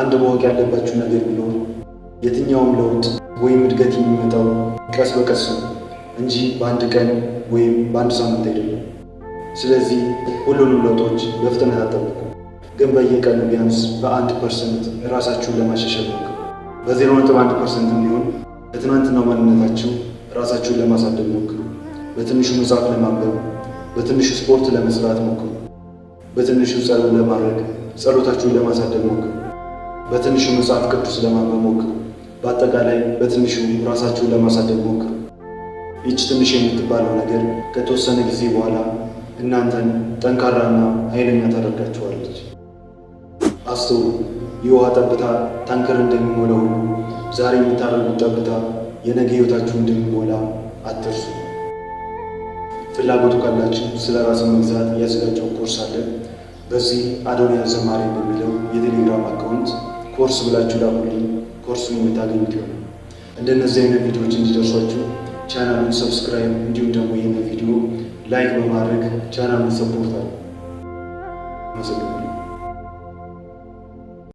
አንድ ማወቅ ያለባችሁ ነገር ቢኖር የትኛውም ለውጥ ወይም እድገት የሚመጣው ቀስ በቀስ ነው እንጂ በአንድ ቀን ወይም በአንድ ሳምንት አይደለም። ስለዚህ ሁሉንም ለውጦች በፍጥነት አጠብቁ፣ ግን በየቀኑ ቢያንስ በአንድ ፐርሰንት ራሳችሁን ለማሻሻል ሞክሩ። በዜሮ ነጥብ አንድ ፐርሰንት ቢሆን ለትናንትናው ማንነታችሁ ራሳችሁን ለማሳደግ ሞክሩ። በትንሹ መጽሐፍ ለማንበብ፣ በትንሹ ስፖርት ለመስራት ሞክሩ። በትንሹ ጸሎት ለማድረግ ጸሎታችሁን ለማሳደግ ሞክሩ። በትንሹ መጽሐፍ ቅዱስ ለማንበብ ሞክሩ። በአጠቃላይ በትንሹ ራሳችሁን ለማሳደግ ሞክሩ። ይች ትንሽ የምትባለው ነገር ከተወሰነ ጊዜ በኋላ እናንተን ጠንካራና ኃይለኛ ታደርጋችኋለች። አስተውሉ። የውሃ ጠብታ ታንከር እንደሚሞላ ሁሉ ዛሬ የምታደርጉት ጠብታ የነገ ሕይወታችሁ እንደሚሞላ አትርሱ። ፍላጎቱ ካላችሁ ስለ ራስን መግዛት ያዘጋጀው ኮርስ አለ። በዚህ አዶንያስ ዘማሪ በሚለው የቴሌግራም አካውንት ኮርስ ብላችሁ ላኩልኝ። ኮርሱን የምታገኙት ይሆናል። እንደነዚህ አይነት ቪዲዮዎች እንዲደርሷችሁ ቻናሉን ሰብስክራይብ፣ እንዲሁም ደግሞ ይህን ቪዲዮ ላይክ በማድረግ ቻናሉን ሰፖርት አለ።